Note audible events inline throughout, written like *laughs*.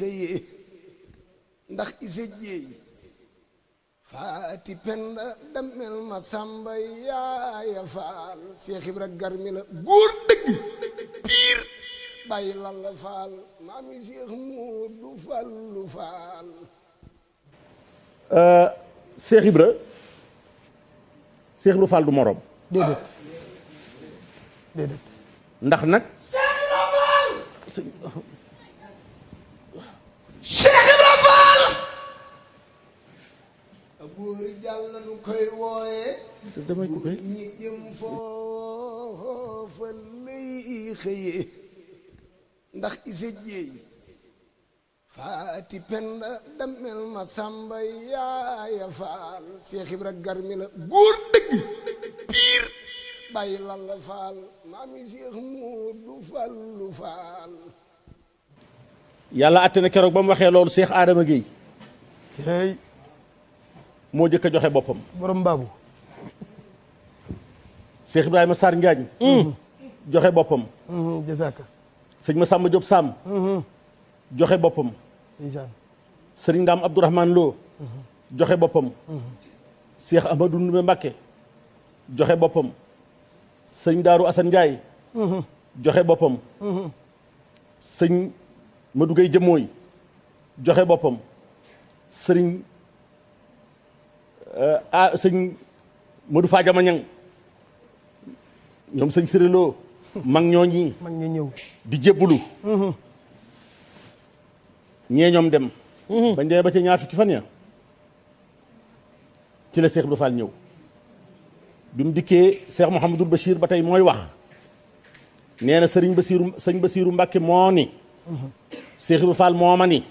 xëyee ndax isa jéey faati penda damel ma sàmba yaaya faal Seex Ibra garmi la góor dëgg piir bàyyi lalla faal maami Seex Moodu Fallu faal euh, Seex Ibra Seex Faal du moroom déedéet ndax nag Seex Faal buur jàll nu koy wooye buur ñi jëm foofa lay xëye ndax isa jéey faati penda damel ma sàmba yaaya faal Seex Ibra garmi la góor dëgg piir bàyyi lal la faal maami Seex Moodu Fallu faal yàlla àtte na keroog ba waxee loolu Seex Adama Géey moo jëkk a joxe boppam. borom baabu. Cheikh Ibrahima Sarr Njaañ. Mm-hmm. joxe boppam. Mm-hmm. jazaaka. sëñ Massamba Diop Sam. Mm-hmm. joxe boppam. incha allah sëriñ Ndam Abdourahmane Lo. joxe boppam. Cheikh Ahmadou Ndoumbe Mbacké joxe boppam. sëñ Daaru Assane Ndiaye. joxe boppam. sëñ Madou Gueye Jëmooy joxe boppam. sëriñ Eh, ah sëñ Modou Fadiama Niang ñoom sëñ Siréloo mag ñooñi ñu ñëw di jébbulu mhm. ñee ñoom dem mhm. bañ demee ba ca ñaar fukki fan ya ci la Cheikh Ibra Fall ñëw bi mu dikkee Cheikh Mouhamadul Bachir ba tey mooy wax nee na sëriñ Basiru sëñ Basiru Mbàkke moo ni mhm. Cheikh Ibra Fall moo ma ni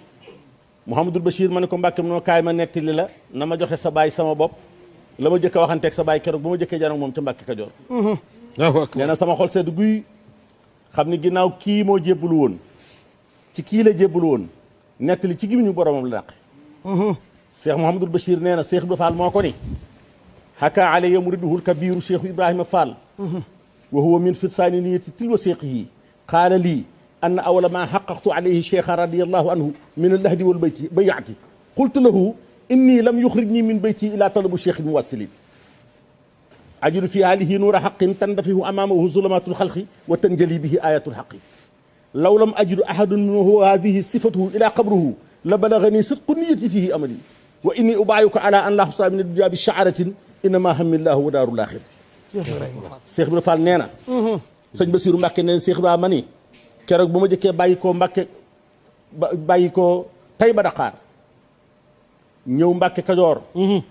Mouhamadul Bachir ma ne ko Mbàkke mu noo kaay ma nettali la na ma joxe sa baay sama bopp la ma jëkk a waxanteeg sa baay ba ma jëkkee janog moom ca Mbàkke Kajoor mhm. nee na sama xol sedd guy xam ni ginnaaw kii moo jébbalu woon ci kii la jébbalu woon nettali ci gimiñu boromam la naq mhm. Cheikh Mouhamadul Bachir nee na Cheikh Ibra Fall moo ko ni haka alayya muriduhul kabiru Cheikh Ibrahima Fall mhm. wa huwa min firsaani niyati tilwa seeqi yi qaala lii anna awala ma xaqaqtu alayhi cheikha radiallahu anhu min alahdi wal bayti bayaati qultu lahu inni lam yuxrijni min bayti ila talabu cheikh muwassilin ajul fi haalihi nuura xaqin tandafihu amaamahu zulamatul xalqi wa tanjali bihi ayatul xaqi law lam ajid ahadun min huwa hadihi sifatuhu ila qabruhu la balagani sidqu niyati fihi amali wa inni ubaayuka ala an la xusa min addunya bi shaaratin innama hamillahu wa daarul axirati Cheikh Ibrahima Fall nee na sëñ Basiru Mbàkke nee na Cheikh Ibrahima ma ni keroog bu ma jëkkee bàyyi koo Mbàkke bàyyi koo tey ba Dakar ñëw Mbàkke Kajoor mhm.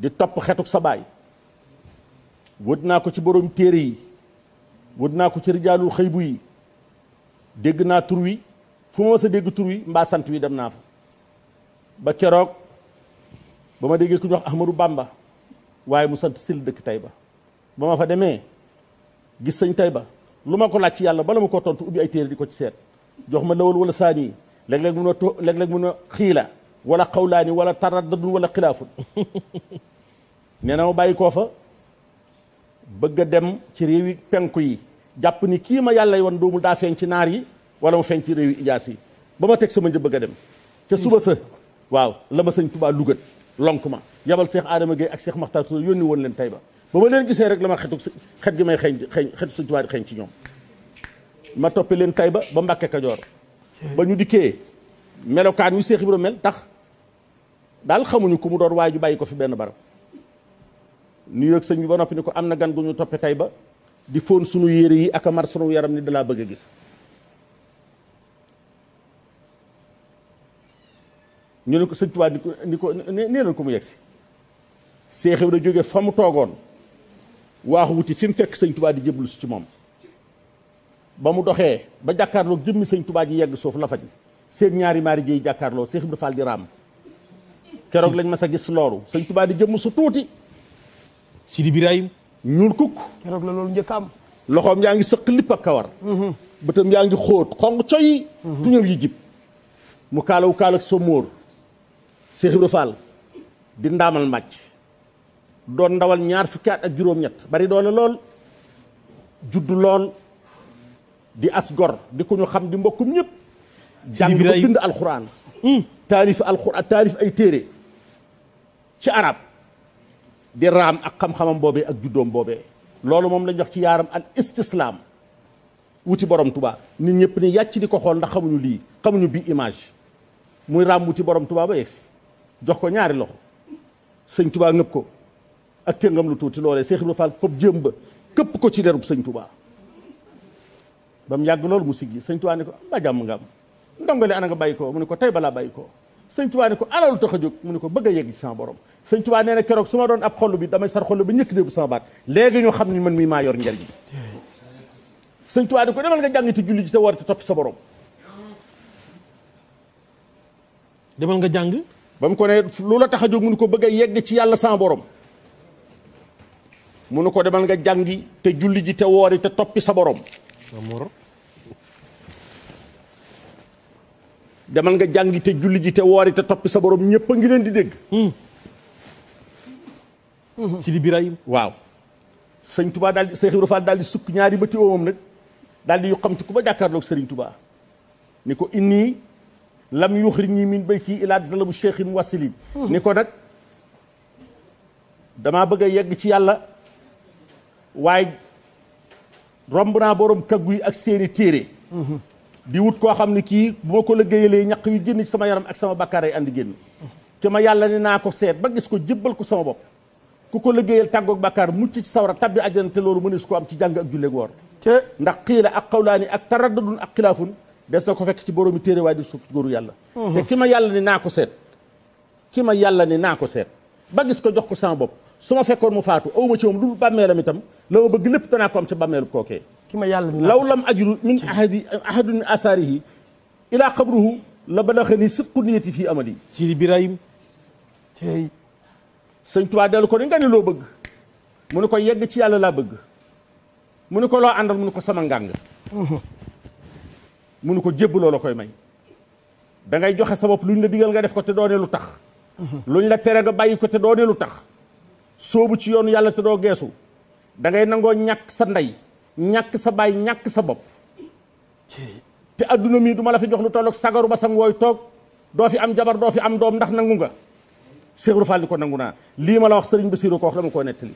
di topp xetuk sa baay wut naa ko ci borom téere yi wut naa ko ci rijaalul xëybu yi dégg naa tur wi fu ma sa dégg tur wi mbaa sant wi dem naa fa ba keroog ba ma déggee ku ñu wax Ahmadou Bamba waaye mu sant sil dëkk Taïba ba ma fa demee gis sëñ ba lu ma ko laaj ci yàlla bala ma ko tontu ubbi ay téere di ko ci seet jox ma lawal wala saani léeg-léeg mun a to léeg-léeg mun a xiila wala xawlaani wala taraddadun wala xilaafun *laughs* nee na ma bàyyi koo fa bëgg a dem ci réew yi penku yi jàpp ni kii ma yàlla yoon doomul daa feeñ ci naar yi wala mu feeñ ci réew yi ijaas yi ba ma teg sa sama njëb bëgg a dem ca suba sa waaw la ma sëñ Tuubaa lugat lonk ma yabal Seex Adama Gueye ak Seex Maxtaar Tuure yónni woon leen tey ba ba ma gisee rek la ma xetu xet gi may xeeñ xeeñ xetu sëñ Tuubaa di ci ñoom ma toppe leen Taïba ba ba Mbàkke Kajoor ba ñu dikkee melokaan yu Seex Ibra mel tax daal xamuñu ku mu doon waay ju bàyyi ko fi benn barab nu ak sëñ bi ba noppi ni ko am na gan gu ñu toppe ba di fóon suñu yére yi ak a mar yaram ni dalaa bëgg a gis ñu ne ko sëñ Tuubaa ni ko nee leen ko mu yegsi Seex Ibra jóge fa mu toogoon waaxu wuti fi fekk sëñ Tuubaa di jëblu si ci moom ba mu doxee ba jàkkaarloo jëmmi sëñ Tubaa ji yegg suuf la faj seen ñaari maari jiy jàkkaarloo Seex Ibra Faal di raam keroog lañ mas a gis looru sëñ Tubaa di jëmm su tuuti Sidi Birahim ñuul kukk keroog la loolu njëkk am loxoom yaa ngi sëq lipp ak kawar mhm. bëtam yaa ngi xóot xong coy mhm. tuñam yi jib mu kaalawu kaalak sa móor Seex Ibra Faal di ndaamal màcc doon ndawal ñaar fukki at ak juróom-ñett bari doole lool judd lool di as gor di ko ñu xam di mbokkum ñëpp jàng ba bind alxuraan hmm. taalif alxuraan taalif ay téere ci arab di raam ak xam-xamam boobee ak juddoom boobee loolu moom lañ wax ci yaaram al istislaam wuti borom tuba nit ñëpp ni yàcc di ko xool ndax xamuñu lii xamuñu bii image muy raam wuti borom tuba ba yegsi jox ko ñaari loxo sëñ tubaa ngëpp ko ak téngam lu tuuti loolee Seex Ibra Faal fob jëm ba këpp ko ci derub sëñ tubaa ba mu yàgg loolu mu siggi sëñ Tuubaa ne ko ba jàmm nga am ndongole ana nga bàyyi ko mu ne ko tey balaa bàyyi ko sëñ Tuubaa ko ana lu tax a jóg mu ne ko bëgg a yegg ci borom sëñ Tuubaa nee na doon ab xol bi damay sar xol bi ñëkk dégg sama baat ñoo xam ne man mii maa yor njariñ sëñ Tuubaa ne ko demal nga jàng sa borom nga jàng ba ko ne lu tax a jóg ko bëgg yegg ci yàlla sama borom mu ne ko demal nga jàngi te julli ji te woori te toppi sa borom demal nga jàngi te julli ji te woori te toppi sa boroom ñëpp a ngi leen di dégg. Hmm. Hmm. Sidi Birahim waaw. sëñ Touba daal di Seex Ibra Faal daal di sukk ñaari bëti oomam nag daal di yu xam ci ku ba jàkkaarloog Serigne Touba ni ko inni lam yuxrijni min bayti ilaa talabu cheikhin wasilin hmm. ni ko nag damaa bëgg a yegg ci yàlla waaye romb naa borom kaggu yi ak seeni téere. di wut koo xam ne kii bu ma ko liggéeyalee ñaq yu génn sama yaram ak sama bakkaar ay andi génn te ma yàlla ne naa ko seet ba gis ko jébbal ko sama bopp ku ko liggéeyal tàggoog bakkaar mucc ci sawara tabbi àjjana te loolu mënees ko am ci jàng ak julleeg woor te ndax xiila ak xawlaani ak taraddadun ak xilaafun des na ko fekk ci boroomi téere waaye di su góoru yàlla te ki ma yàlla ne naa ko seet ki ma yàlla ne naa ko seet ba gis ko jox ko sama bopp su ma fekkoon mu faatu awuma ci moom lu itam la bëgg lépp danaa ko am ca bàmmeelu ki ma yàlla law lam ajru min ahadi ahadun la balaxani sidqu niyati fii amali Sidi Birahim tey sëñ dellu ko ni nga loo bëgg mu ko yegg ci yàlla laa bëgg mu ne ko loo àndal mu ko sama ngàng mhm. mu ne ko jébb loola koy may da ngay joxe sa bopp luñ la digal nga def ko te doone lu tax mhm. luñ la tere nga bàyyi ko te doone lu tax soobu ci yoonu yàlla te doo geesu dangay nangoo ñàkk sa ndey ñakk sa baay ñàkk sa bopp te adduna mii du ma la fi jox lu tolloog sagaru ba sang wooy toog doo fi am jabar doo fi am doom ndax nangu nga Cheikh Fall ko nangu naa lii ma la wax sëriñ Basiru ko wax la koo nettali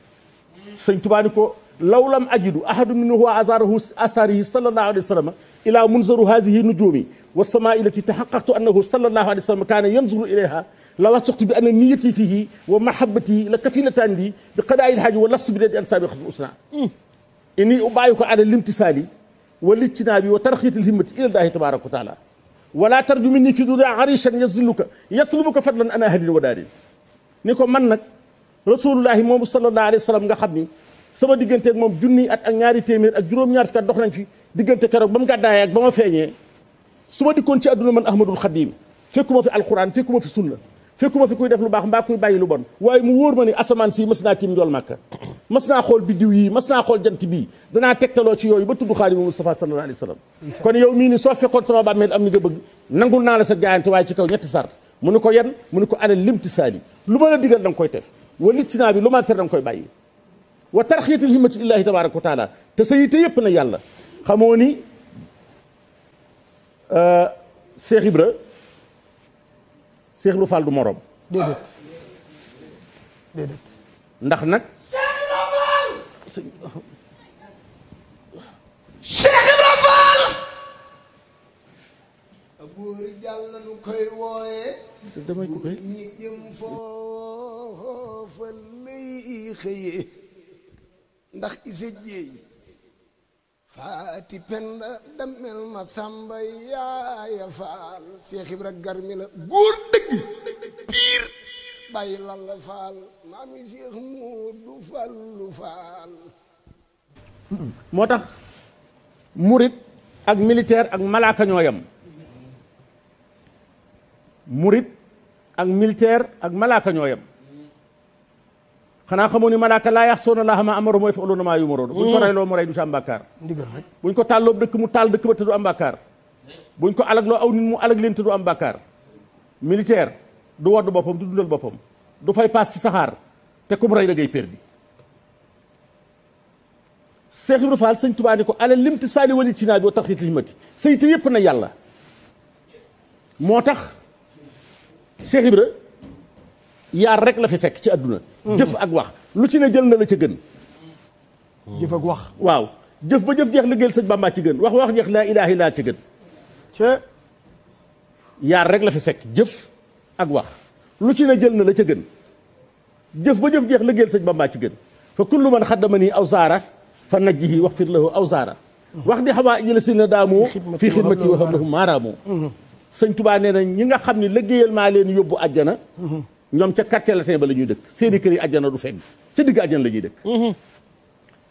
sëñ Tuubaa ni ko law lam ajidu ahadu min huwa azarahu asarihi sallallahu alayhi wa sallam ila munzaru hadihi nujumi wa samaa ilati taxaqaqtu annahu sallallahu alayhi wa sallam kaana yanzuru ilayha la wasaqtu bi anna niyati fihi wa mahabbati la wa lafsu bi ini ubayiko ala limtisali wa lijtinaabi wa tarxiitil himmati ila llaahi tabaaraka wa taala wala tarju min ni fi dunya arishan yazilluka yatlubuka fadlan ana ahadin wa daarin ni ko man nag rasulullahi moom sallallahu alayhi wa sallam nga xam ni sama diggante ak moom junni at ak ñaari téeméer ak juróom-ñaar fukki at dox nañ fi diggante keroog ba mu gàddaayee ak ba ma feeñee su ma dikkoon ci àdduna man ahmadul xadim fekkuma fi alquran fekkuma fi sunna fekkuma fi kuy def lu baax mbaa kuy bàyyi lu bon waaye mu wóor ma ni asamaan si naa tiim njool màkka mas naa xool biddiw yii mas naa xool jant bii danaa tegtaloo ci yooyu ba tudd xaadimu Mustafa sallallahu alayhi wa sallam kon yow mii ni soo fekkoon sama bàmmeel am ni nga bëgg nangul naa la sa gaayante waaye ci kaw ñetti sart mu ni ko yan mu ni ko alal limtisaali lu ma la digal da nga koy def wa liccinaa bi lu ma tere da nga koy bàyyi wa tarxiyatil te sa yite yëpp na yàlla xamoo ni euh, Cheikh Ibra Cheikh Ibra Fall du morom. déedéet ndax nag. Cheikh Ibra Fall. Cheikh Ibra Fall. buur koy wooyee. damay coupé foofa lay xëyee ndax isa jéey. faati penda damel ma samba yaaya faal Seex Ibra garmi góor dëgg piir bàyyi lal faal maami Seex Moodu Fallu faal moo tax murit ak militaire ak malaaka yam murit ak militaire ak malaaka xanaa xamoo ni malaaka laa yaxsoona laaha a amaroon mooy fa oloona maa yumaroon buñ ko mm. reyloo mu rey du ci am bàkkaar ndigal rek ko tàlloo dëkk mu taal am bàkkaar buñ ko alagloo aw nit mu alag leen te du am bàkkaar militaire du wodd boppam du dundal boppam du fay paas ci saxaar te ko mu rey da ngay perdi Seex Ibra Faal sëñ Tuubaa ni ko alal limti saali wali ci naa bi wa tarxiit himati saytu yëpp na yàlla moo tax Seex Ibra yaar rek la fi fekk ci àdduna hmm. jëf ak wax lu ci ne jël na la ca gën jëf ak wax waaw jëf ba jëf jeex liggéeyal sëñ Bamba ci gën wax wax jeex laa ilaaha illaa ci gën ca yaar rek la fi fekk jëf ak wax lu ci ne jël na la ca gën jëf ba jëf jeex liggéeyal sëñ Bamba ci gën fa kullu man xaddama nii aw saara fa najjihi wax fir lahu aw saara hmm. wax di xawaa ijëla si na daamoo fi xidmati wa hablahum maaraamoo hmm. sëñ Tubaa nee na ñi nga xam ne liggéeyal maa leen yóbbu àjjana ñoom ca quartier latin ba la ñuy dëkk seeni kër yi àjjana du fegg ca digg àjjana la ñuy dëkk mm-hmm.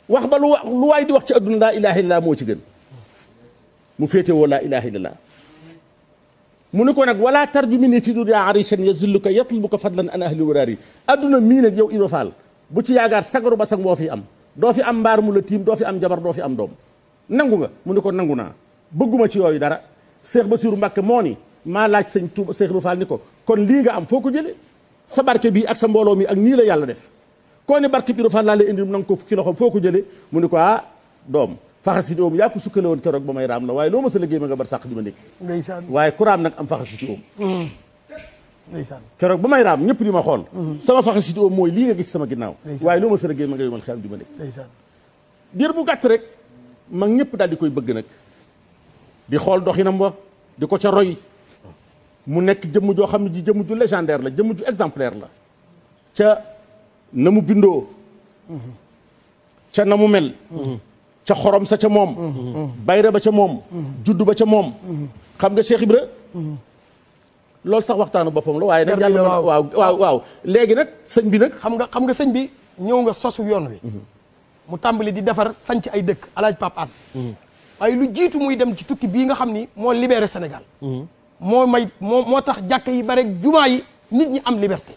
wax ba lu wa lu waay di wax ci adduna laa ilaha illallah moo ci gën mu féete woo laa ilaha illallah mu ne ko nag wala tarjumi ni ci dunya arisan yazilluka yatlubuka fadlan an ahli waraari adduna mii nag yow Ibra Fall bu ci yaagaar sagaru ba sag moo fi am doo fi am mbaar mu la tiim doo fi am jabar doo fi am doom nangu nga mu ne ko nangu naa bëgguma ci yooyu dara Seex Basiru Mbàkke moo ni maa laaj sëñ Tuuba Seex sa barke bi ak sa mbooloo mi ak nii la yàlla def koo ne barke bi dafa laa indi na ko fukki loxo foo ko jëlee mu ne ko ah doom faxasiti oom yaa ko sukkale woon keroog ba may raam la waaye loo ma sa liggéey nga bar sàq di ma nekk waaye ku raam nag am faxasiti oom mm. keroog may raam ñëpp di ma xool mm-hmm. sama faxasiti oom mooy lii nga gis sama ginnaaw waaye loo ma sa liggéey ma nga yomal xel di ma nekk diir bu gàtt rek mag ñëpp daal di koy bëgg nag di xool doxinam wa di ko ca roy mu nekk jëmm joo xam ne ji jëmm ju légendaire la jëmm ju exemplaire la ca na mu bindoo ca na mu mel ca xorom sa ca moom bayra ba ca moom juddu ba ca moom xam nga Cheikh Ibra loolu sax waxtaanu boppam la waaye nag yàlla waaw waaw waaw léegi nag sëñ bi nag xam nga xam nga sëñ bi ñëw nga sosu yoon wi mu tàmbali di defar sanc ay dëkk alaaj Pape An hmm. waaye lu jiitu muy dem ci tukki bii nga xam ni moo libéré Sénégal hmm. moo may moo moo tax jàkka yi bare jumaa yi nit ñi am liberté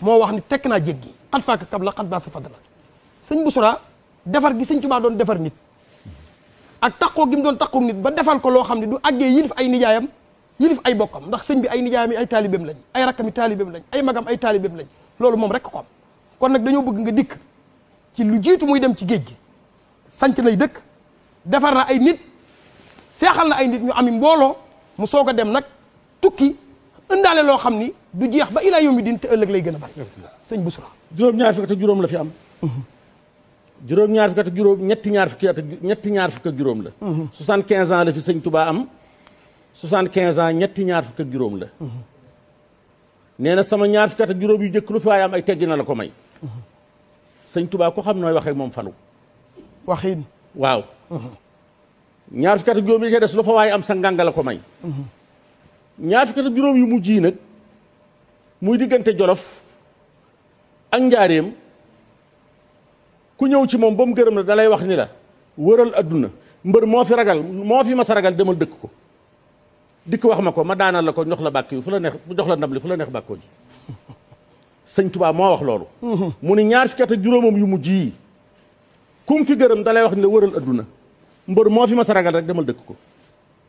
moo wax ni tekk naa jéggi xat faaka kab la xat baa sa fadala sëñ Boussora defar gi sëñ Tuubaa doon defar nit ak taqoo gi mu doon taqoo nit ba defal ko loo xam ne du àggee yilif ay nijaayam yilif ay bokkam ndax sëñ bi ay nijaayam yi ay taalibeem lañ ay rakkami taalibeem lañ ay magam ay taalibeem lañ loolu moom rekk ko am kon nag dañoo bëgg nga dikk ci lu jiitu muy dem ci géej gi sanc nay dëkk defar na ay nit seexal na ay nit ñu ami mbooloo mu soog a dem nag tukki ëndaale loo xam ni du jeex ba ilaa yawmi din te ëllëg lay gën a bari sëñ Boussra juróom-ñaar fukki at juróom la fi am juróom-ñaar fukki ñaar fukki at ak ñaar fukki ak juróom la soixante quinze ans la fi sëñ Touba am soixante ans ñetti ñaar fukki juróom la nee na sama ñaar fukki at juróom yu jëkk lu fi waaye am ay teggi na la ko may sëñ tubaa ko xam nooy waxee moom falu waxin waaw ñaar fukki at ak juróom yi ca des lu fa waaye am sa ngànga la ko may ñaar fukki ak juróom yu mu jii nag muy diggante jolof ak njaareem ku ñëw ci moom ba mu gërëm la dalay wax ni la wëral adduna mbër moo fi ragal moo fi mas a ragal demal dëkk ko dikk wax ma ko ma daanal la ko jox la bàkk yi fu la neex jox la ndam li fu la neex bàkkoo ji sëñ Tuubaa moo wax loolu mu ni ñaar fukki at ak yu mu yi kum fi gërëm dalay wax ni la wëral adduna mbër moo fi mas a ragal rek demal dëkk ko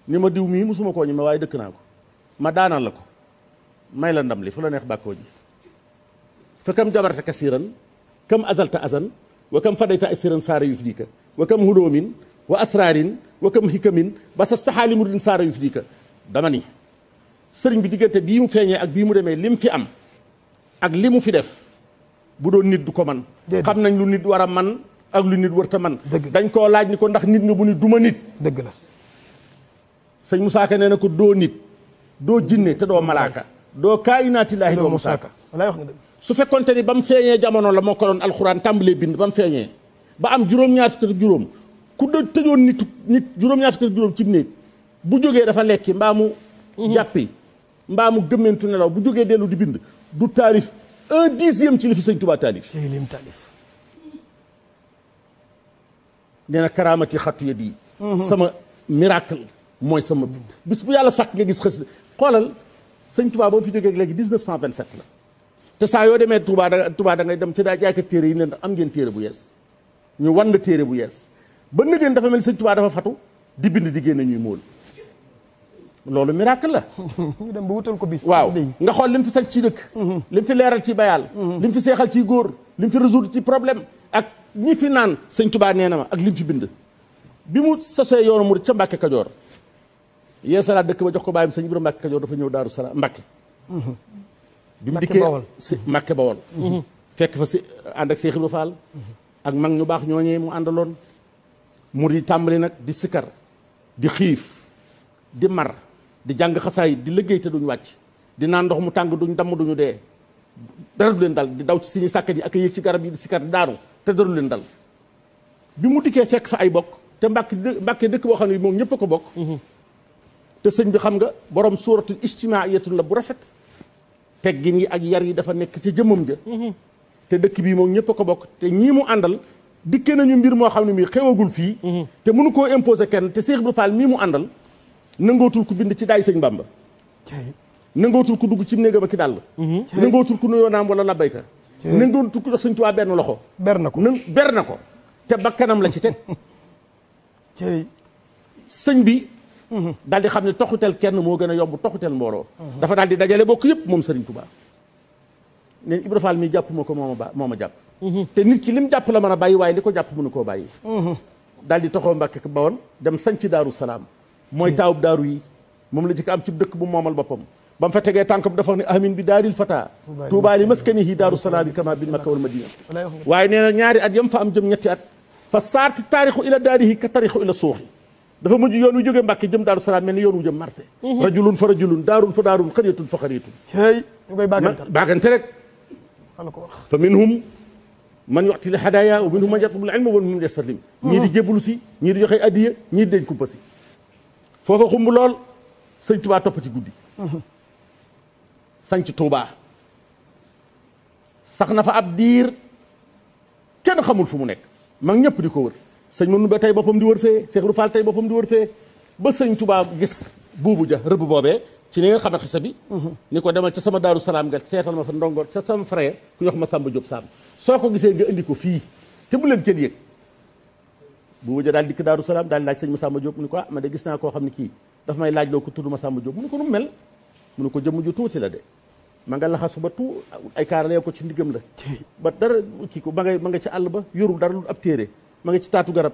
ni ma diw mii musuma koo ñi ma waaye dëkk naa ko ma daanal la ko may la ndam li fu la neex bàkkoo ji fa kam jabarta kasiran kam azalta azan wa kam fadayta asiran saara yuf diika wa kam hudoomin wa asraarin wa kam hikamin ba sa staxaali mudin saara yuf diika dama ni sëriñ bi diggante bii mu feeñee ak bii mu demee lim fi am ak li mu fi def bu doon nit du ko man xam nañ lu nit war a man ak lu nit wërta man dañ koo laaj ni ko ndax nit nga bu ni duma nit dëgg la sëñ Ka nee na ko doo nit doo jinne te doo malaaka doo kaayinaatillaahi doo musaaka walaay wax nga dëgg su fekkonte ni ba mu feeñee jamono la moo ko doon alxuraan tàmbalee bind ba mu feeñee ba am juróom-ñaar fukki juróom ku doon tëjoon nit nit juróom-ñaar fukki juróom ci néeg bu jógee dafa lekki mbaa mu mhm. jàppi mbaa mu gëmmentu nelaw bu jógee dellu di bind du taarif un dixième ci li fi sëñ Tuubaa taalif lim taalif nee na karaamati xattu yet yi mhm. sama miracle mooy sama bis bu yàlla sakk nga gis xës xoolal sëñ Touba ba mu fi jógee léegi 1927 la te saa yoo demee tubaa tubaa Touba da ngay dem ci daa jaaykat téere yi ne ndax am ngeen téere bu yees ñu wan la téere bu yees ba ngeen dafa mel sëñ Touba dafa fatu di bind di génne ñuy móol loolu miracle la. *laughs* ñu dem ba wutal ko bis. waaw nga xool lim fi sañ ci dëkk. Mhm. lim fi leeral ci bayaal. Mhm. lim fi seexal ci góor. lim fi résoudre ci problème. ak ñi fi naan sëñ Touba nee na ma ak lim fi bind. bi mu sosee yoonu Mouride ca Mbacke Kajoor yeesalaat dëkk ba jox ko bàyyam sëñ Ibra Mbàkke Kajoor dafa ñëw Daaru Salaam Mbàkke bi mu dikkee si Mbàkke Bawol mhm. fekk fa si ànd ak Seex Faal ak mag ñu baax ñooñee mu àndaloon mu di tàmbali nag di sikar di xiif di mar di jàng xasaay di liggéey te duñ wàcc di naan ndox mu tàng duñ damm duñu dee dara du leen dal di daw ci suñu sàkkat yi ak yéeg ci garab yi di sikkar di daanu te dara du leen dal bi mu dikkee fekk fa ay bokk te Mbàkke Mbàkke dëkk boo xam ne moom ñëpp ko bokk mhm. te sëñ bi xam nga borom suuratul ijtimaiyatun la bu rafet teggin yi ak yar yi dafa nekk ci jëmmam ja mhm. te dëkk bii moom ñëpp ko bokk te ñii mu àndal dikke nañu mbir moo xam ne mii xewagul fii mhm. te mënu koo imposer kenn te Cheikh Ibra Fall mii mu àndal nangootul ku bind ci daay sëñ Bamba nangootul ko dugg ci néegam ak dàll mhm. nangootul ko nuyoo naam wala labbayka nangootul ku jox sëñ Tuubaa benn loxo ber na ko ber na ko te bakkanam la ci teg *laughs* sëñ bi daal di xam ne toxutel kenn moo gën a yomb toxutel mbooloo dafa daal di dajale bokk yëpp moom Serigne Touba neen Ibra Fall mi jàpp ma ko mooma a mooma jàpp mhm. te nit ki lim jàpp la mën a bàyyi waaye li ko jàpp mënu koo bàyyi mhm. daal di toxoo Mbàkke Bawol dem sanc Daaru Salaam mooy taawub daaru yi moom la jëkk am ci dëkk bu moomal boppam ba mu fa tegee tànkam dafa ne amin bi daaril fata tuubaa li maskani hi daaru salaami kama bin makka wal madina dafa mujj yoon wu jógee Mbàkke jëm Daaru Salaam mel ni yoon wu jëm marché mhm. rajulun fa rajulun daarun fa daarun xaryatun fa xaryatun cay ñu koy baagante rek fa minhum man yoxti li hadaya wa minhum man yatlubul ilma wa minhum yastalim mhm. ñii di jébbalu si ñii di joxe addiya ñii di dañ kumpa si foofa xumb lool sëñ Tuubaa topp ci guddi mhm. sañc Tuubaa sax na fa ab diir kenn xamul fu mu nekk mag ñëpp di ko wër sëñ mënu ba tey boppam di wër fee Cheikh Ibra Fall boppam di wër fee ba sëñ Tuubaa gis buubu ja rëbb boobee ci ni xam xamee xisa bi mhm. ni ko demal ca sama daaru salaam nga seetal ma fa ndongo ca sama frère ku yox ma Samba Diop Samb soo ko gisee nga indi ko fii te bu leen kenn yëg buubu ja daal dikk daaru salaam daal laaj sëñ Masamba Diop mu ne ko ah man de gis naa koo xam ne kii dafa may laaj loo ko tudd Masamba Diop mu ne ko nu mel mu ne ko jëmm ju tuuti la de ma nga laxasu ba tu ay kaarale ko ci ndigam la ba dara kii ko ma nga nga ci àll ba yorul dara ab téere ma ngi ci taatu garab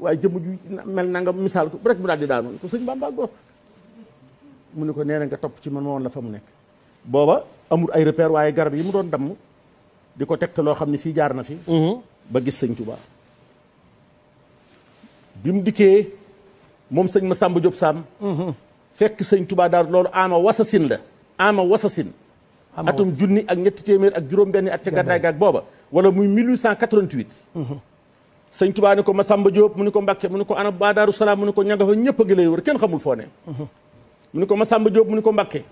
waaye jëmm ju mel nanga nga misaal ko rek mu daal di daanu ko sëñ Bamba góor mu ne ko nee na nga topp ci man ma woon la fa mu nekk booba amul ay repère waaye garab yi mu doon damm di ko tegte loo xam ne fii jaar na fi mhm. ba gis sëñ Tuubaa bi mu dikkee moom sëñ ma Sàmba Jóob Sàmm mhm. fekk sëñ tubaa daal loolu ama wasasin la ama wasasin atum junni ak ñetti téeméer ak juróom benni at ca gàddaay gaag booba wala muy 1888 sëñ Tuubaa ni ko Masamba Diop mu ni ko Mbàkke mu ni ko ana ba Daaru Salaam mu ni ko ña fa ñëpp a ngi lay wër kenn xamul foo ne mu ni ko Masamba Diop mu ni ko Mbàkke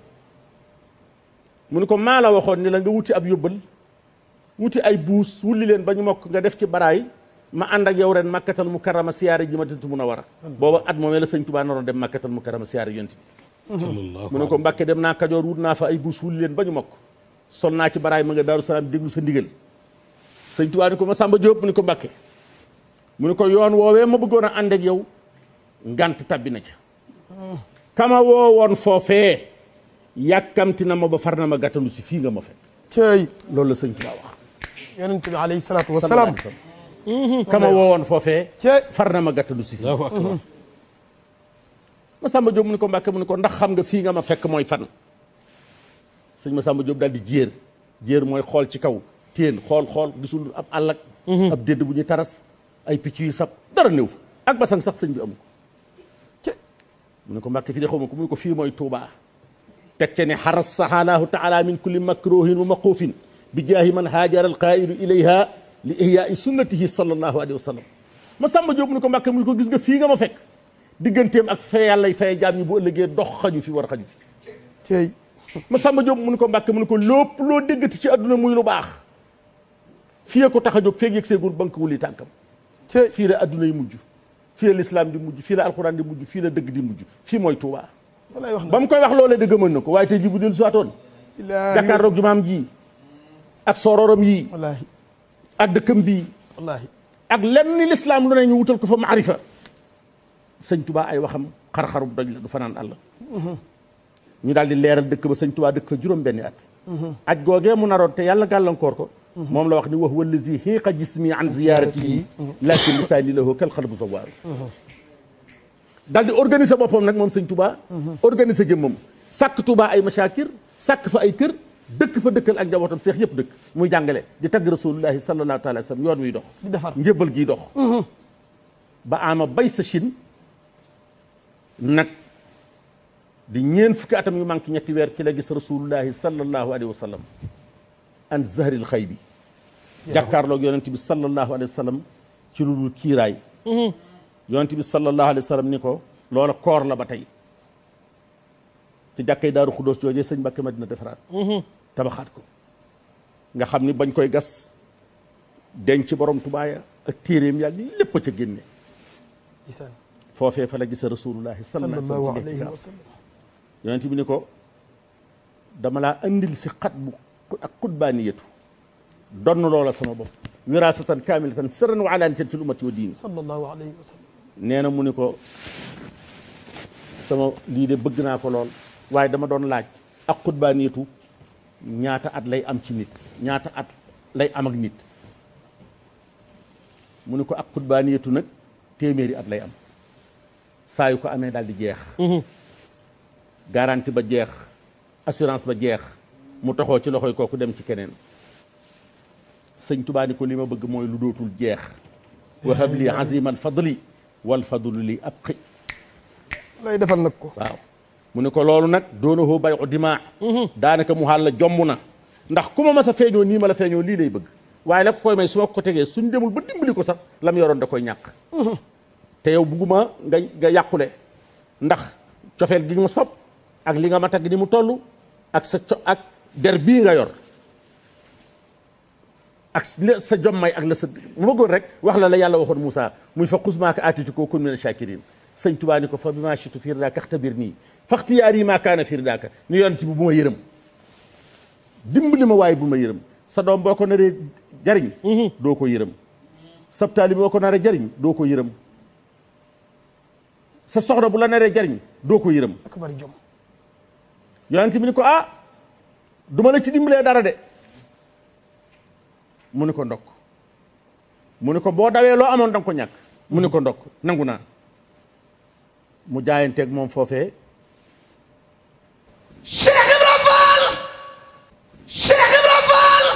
mu ni ko maa la waxoon ni la nga wuti ab yóbbal wuti ay buus wulli leen ba ñu nga def ci baraay ma ànd ak yow ren màkkatal mu karama siyaare ma dënt mun a war at moomee la sëñ Tuubaa dem màkkatal mu karama siyaare mu ne ko Mbàkke dem naa Kajoor wut naa fa ay buus leen ba ñu mokk naa ci baraay ma nga Daaru déglu sa ndigal sëñ Tuubaa ni ko Masamba Diop mu ni ko Mbàkke mu ne ko yoon woowee ma bëggoon a ànd ak yow ngant tabbi na ca kama woo foofee yàkkamti na ma ba far na ma gàttandu si fii nga ma fekk tey loolu la sëñ Tuubaa wax yonent far ma gàttandu si mm-hmm. mu ne ko Mbàkke mu ne ko ndax xam nga fii nga ma fekk mooy fan sëñ Masamba Diop daal di jéer jéer mooy xool ci kaw téen xool xool gisul ab àllak mm-hmm. ab dédd bu ñuy taras ay picc yu sab dara néew fa ak basang sax sañ bi amu ko ca ko mbàkke fi de xa ma ko mu ne ko fii mooy Touba teg ca ne xarasaha allahu taala min kulli makruhin wa maqufin bi jaahi man haajara alqaidu ilayha li ihyaai sunnatihi sallallahu alayhi ma sàmba Jóob mu ne ko mbàkke mu ko gis nga fii nga ma fekk digganteem ak fee yàlla fay jaam ñi bu ëllëgee dox xaju fi war xaju fi tey ma sàmba Jóob mu ne ko mbàkke mu ne ko lépp loo déggati ci àdduna muy lu baax fii ko tax a jóg feeg yëg seegul banque wuli tànkam fii la àdduna yi mujj fii la lislaam di mujj fii la alxuraan di mujj fii la dëgg di mujj fii mooy Touba. wax na ba mu koy wax loolee de gëmoon na ko waaye tey jii bu dul suwaatoon. ilaa jàkkaarloog jumaam ji ak sororam yii. ak dëkkam bii. ak lenn lislaam lu ne ñu wutal ko fa maarifa. sëñ Touba ay waxam xar-xaru doj la du fanaan àll. Mhm. ñu daal di leeral dëkk ba sëñ Touba dëkk fa juróom-benni at. Mhm. aj googee mu naroon te yàlla gàllankoor ko. moom la wax ni wax wallazi xiiqa jismi an ziyaratihi lakin lisaani lahu kal xalbu zawaar daal di organiser boppam nag moom sëñ Touba organiser jëmmam sàkk tubaa ay masaakir sàkk fa ay kër dëkk fa dëkkal ak njabootam seex yëpp dëkk muy jàngale di tagg rasulullahi sallallahu taala wa sallam yoon wiy dox di defar njëbbal gii dox uhuh. ba ama bay sa Chine nag di ñeen fukki atam yu manqué ñetti weer ci la gis rasulullahi sallallahu alayhi wa an zahril xay bi jàkkaarloog yonent bi sallallahu alayhi wa sallam ci lu dul kiiraay yonent bi sallallahu alayhi wa sallam ni ko loola koor la ba tey ci jàkkay daaru xudóos joojee sëñ Mbàkke Madina defaraat tabaxaat ko nga xam ni bañ koy gas denc borom tubaaya ak téeréem yàlla yi lépp ca génne foofee fa la gisa rasulullahi sallallahu alayhi wa bi ni ko dama laa andil si xat bu ak kutbaaniyatu donn loola sama bopp wiraasatan kaamilatan sirran wa alaaniyatan fil ummati wa diini sallallahu alayhi wa sallam nee na mu ni ko sama lii de bëgg naa ko lool waaye dama doon laaj ak xutbaaniitu ñaata at lay am ci nit ñaata at lay am ak nit mu ni ko ak xutbaaniitu nag téeméeri at lay am saa ko amee daal di jeex mhm. garanti ba jeex assurance ba jeex mu taxoo ci loxoy kooku dem ci keneen sëñ Tuubaa ni ko li ma bëgg mooy lu dootul jeex wahab li aziman fadli wal fadlu li abqi lay defal nag ko waaw mu ne ko loolu nag doonahu bay u dimaa mhm. daanaka mu xaal la jomm na ndax ku ma mas a feeñoo nii ma la feeñoo lii lay bëgg waaye la ko koy may su ma ko tegee suñ demul ba dimbali ko sax lam yoroon da koy ñàkk mhm. te yow bugguma nga nga yàqule ndax cofeel gi ma sopp ak li nga ma tagg ni mu toll sa ak der bii nga yor ak sa jom jommay ak la sa bu rek wax la la yàlla waxoon Moussa muy fa xusmaaka aatiti koo kun mina shakirin sëñ Tuubaa ko fa bi maa situ firdaaka axtabir nii faxtiyaar yi maa kaana firdaaka ni yoon bu ma yërëm dimbali ma waay bu ma yërëm sa doom boo ko naree jariñ mhm. doo ko yërëm sa boo ko naree jariñ doo ko yërëm sa soxna bu la naree jariñ doo ko yërëm ak bi ni ko ah du la ci dimbalee dara de mu ni ko ndokk mu ni ko boo dawee loo amoon dang ko ñàkk mu ni ko ndokk nangu na mu jaayanteeg moom foofe Cheikh Ibra Fall Cheikh Ibra Fall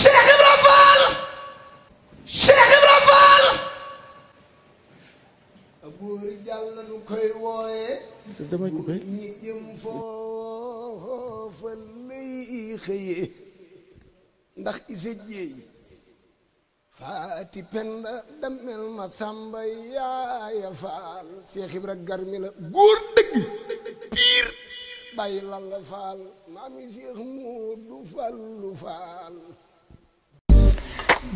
Cheikh Ibra Fall fa lay xëyee ndax isa jéey faati penda damel ma sàmba yaaya faal Seex Ibra garmi la góor dëgg piir bàyyi lal la faal maami Seex Moodu Fallu faal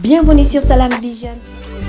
Bienvenue sur Salam